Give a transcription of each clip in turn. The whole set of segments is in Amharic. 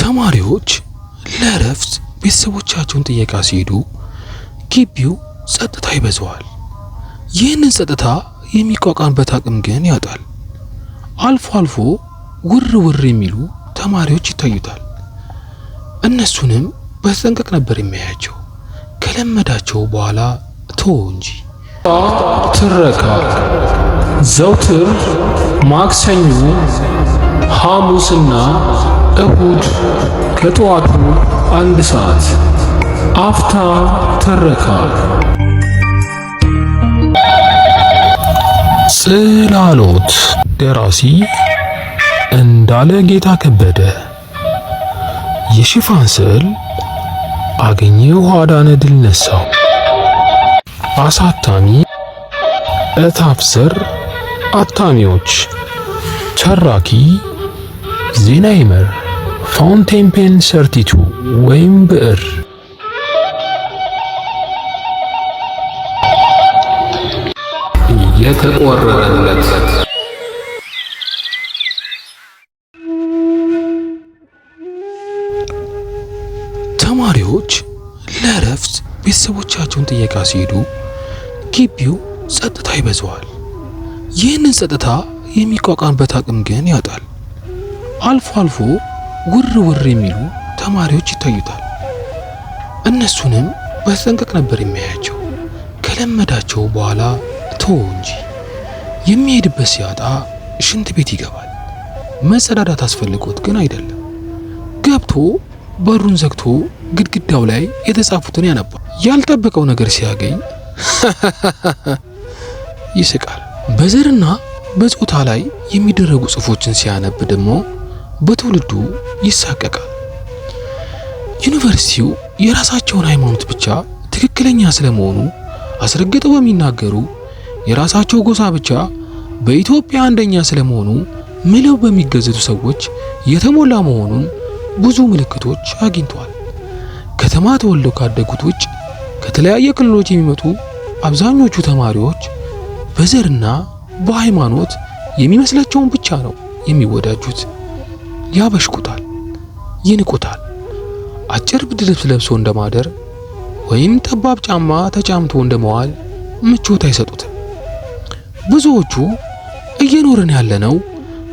ተማሪዎች ለእረፍት ቤተሰቦቻቸውን ጥየቃ ሲሄዱ ግቢው ጸጥታ ይበዛዋል። ይህንን ጸጥታ የሚቋቋምበት አቅም ግን ያጣል። አልፎ አልፎ ውር ውር የሚሉ ተማሪዎች ይታዩታል። እነሱንም በተጠንቀቅ ነበር የሚያያቸው። ከለመዳቸው በኋላ ቶ እንጂ ትረካ ዘውትር ማክሰኞ ሐሙስና እሁድ ከጠዋቱ አንድ ሰዓት አፍታ ትረካ ጽላሎት ደራሲ እንዳለ ጌታ ከበደ የሽፋን ስዕል አገኘ ኋዳነ ድል ነሳው አሳታሚ እታፍስር አታሚዎች ቸራኪ ዜና ይመር ፋውንቴን ፔን ሰርቲቱ ወይም ብዕር የተቆረጠለት ተማሪዎች ለእረፍት ቤተሰቦቻቸውን ጥየቃ ሲሄዱ ግቢው ጸጥታ ይበዛዋል። ይህንን ጸጥታ የሚቋቋምበት አቅም ግን ያጣል። አልፎ አልፎ ውር ውር የሚሉ ተማሪዎች ይታዩታል። እነሱንም በተጠንቀቅ ነበር የሚያያቸው። ከለመዳቸው በኋላ ተወ እንጂ የሚሄድበት ሲያጣ ሽንት ቤት ይገባል። መጸዳዳት አስፈልጎት ግን አይደለም። ገብቶ በሩን ዘግቶ ግድግዳው ላይ የተጻፉትን ያነባል። ያልጠበቀው ነገር ሲያገኝ ይስቃል። በዘርና በጾታ ላይ የሚደረጉ ጽሁፎችን ሲያነብ ደግሞ በትውልዱ ይሳቀቃል። ዩኒቨርሲቲው የራሳቸውን ሃይማኖት ብቻ ትክክለኛ ስለመሆኑ አስረግጠው በሚናገሩ የራሳቸው ጎሳ ብቻ በኢትዮጵያ አንደኛ ስለመሆኑ ምለው በሚገዘቱ ሰዎች የተሞላ መሆኑን ብዙ ምልክቶች አግኝተዋል። ከተማ ተወልደው ካደጉት ውጭ ከተለያየ ክልሎች የሚመጡ አብዛኞቹ ተማሪዎች በዘርና በሃይማኖት የሚመስላቸውን ብቻ ነው የሚወዳጁት። ያበሽኩታል፣ ይንቁታል። አጭር ብርድ ልብስ ለብሶ እንደማደር ወይም ጠባብ ጫማ ተጫምቶ እንደመዋል ምቾት አይሰጡትም። ብዙዎቹ እየኖርን ያለነው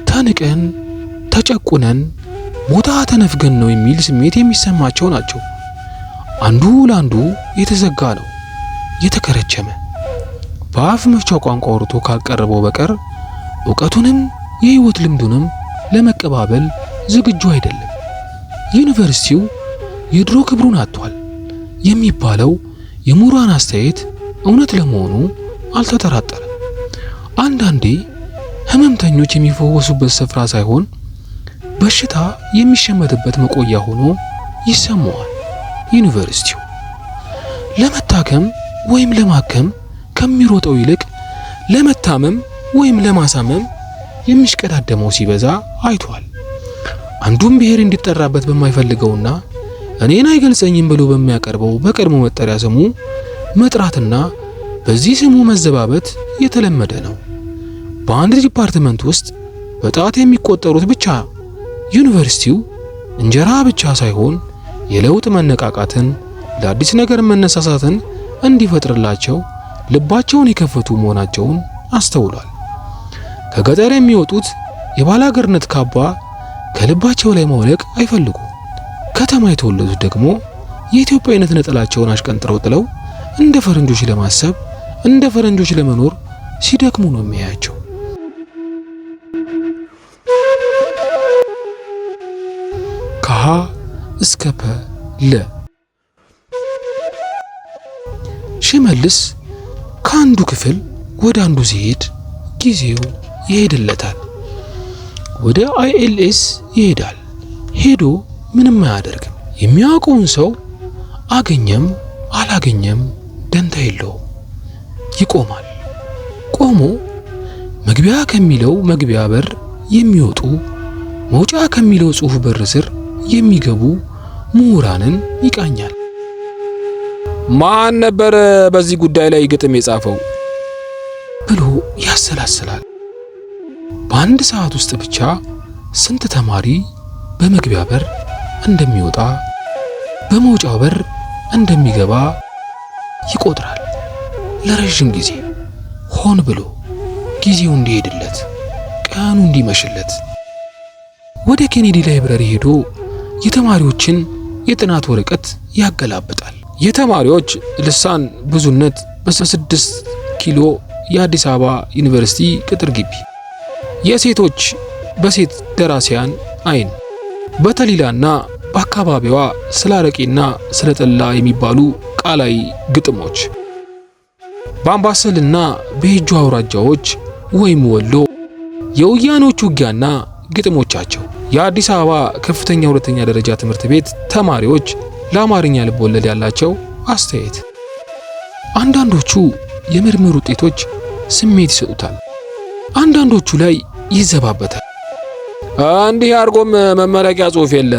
ተንቀን፣ ተጨቁነን፣ ሞታ ተነፍገን ነው የሚል ስሜት የሚሰማቸው ናቸው። አንዱ ለአንዱ የተዘጋ ነው፣ የተከረቸመ በአፍ መፍቻ ቋንቋ አውርቶ ካቀረበው በቀር እውቀቱንም የህይወት ልምዱንም ለመቀባበል ዝግጁ አይደለም። ዩኒቨርሲቲው የድሮ ክብሩን አጥቷል የሚባለው የምሁራን አስተያየት እውነት ለመሆኑ አልተጠራጠረም። አንዳንዴ ህመምተኞች የሚፈወሱበት ስፍራ ሳይሆን በሽታ የሚሸመትበት መቆያ ሆኖ ይሰማዋል። ዩኒቨርሲቲው ለመታከም ወይም ለማከም ከሚሮጠው ይልቅ ለመታመም ወይም ለማሳመም የሚሽቀዳደመው ሲበዛ አይቷል። አንዱም ብሔር እንዲጠራበት በማይፈልገውና እኔን አይገልጸኝም ብሎ በሚያቀርበው በቀድሞ መጠሪያ ስሙ መጥራትና በዚህ ስሙ መዘባበት የተለመደ ነው። በአንድ ዲፓርትመንት ውስጥ በጣት የሚቆጠሩት ብቻ ዩኒቨርሲቲው እንጀራ ብቻ ሳይሆን የለውጥ መነቃቃትን፣ ለአዲስ ነገር መነሳሳትን እንዲፈጥርላቸው ልባቸውን የከፈቱ መሆናቸውን አስተውሏል። ከገጠር የሚወጡት የባላገርነት ካባ ከልባቸው ላይ መውለቅ አይፈልጉም። ከተማ የተወለዱት ደግሞ የኢትዮጵያዊነት ነጠላቸውን አሽቀንጥረው ጥለው እንደ ፈረንጆች ለማሰብ እንደ ፈረንጆች ለመኖር ሲደክሙ ነው የሚያያቸው። ከሀ እስከ ፐ ለ ሽመልስ ከአንዱ ክፍል ወደ አንዱ ሲሄድ ጊዜው ይሄድለታል። ወደ አይኤልኤስ ይሄዳል። ሄዶ ምንም አያደርግም። የሚያውቀውን ሰው አገኘም አላገኘም ደንታ የለውም። ይቆማል። ቆሞ መግቢያ ከሚለው መግቢያ በር የሚወጡ መውጫ ከሚለው ጽሑፍ በር ስር የሚገቡ ምሁራንን ይቃኛል። ማን ነበር በዚህ ጉዳይ ላይ ግጥም የጻፈው ብሎ ያሰላስላል። በአንድ ሰዓት ውስጥ ብቻ ስንት ተማሪ በመግቢያ በር እንደሚወጣ በመውጫው በር እንደሚገባ ይቆጥራል። ለረዥም ጊዜ ሆን ብሎ ጊዜው እንዲሄድለት ቀኑ እንዲመሽለት ወደ ኬኔዲ ላይብረሪ ሄዶ የተማሪዎችን የጥናት ወረቀት ያገላብጣል። የተማሪዎች ልሳን ብዙነት በስድስት ኪሎ የአዲስ አበባ ዩኒቨርሲቲ ቅጥር ግቢ የሴቶች በሴት ደራሲያን አይን በተሊላና በአካባቢዋ ስለ አረቂና ስለ ጠላ የሚባሉ ቃላይ ግጥሞች በአምባሰልና በየጁ አውራጃዎች ወይም ወሎ የውያኖች ውጊያና ግጥሞቻቸው የአዲስ አበባ ከፍተኛ ሁለተኛ ደረጃ ትምህርት ቤት ተማሪዎች ለአማርኛ ልብ ወለድ ያላቸው አስተያየት አንዳንዶቹ የምርምር ውጤቶች ስሜት ይሰጡታል። አንዳንዶቹ ላይ ይዘባበታል። እንዲህ አድርጎም መመረቂያ ጽሑፍ የለ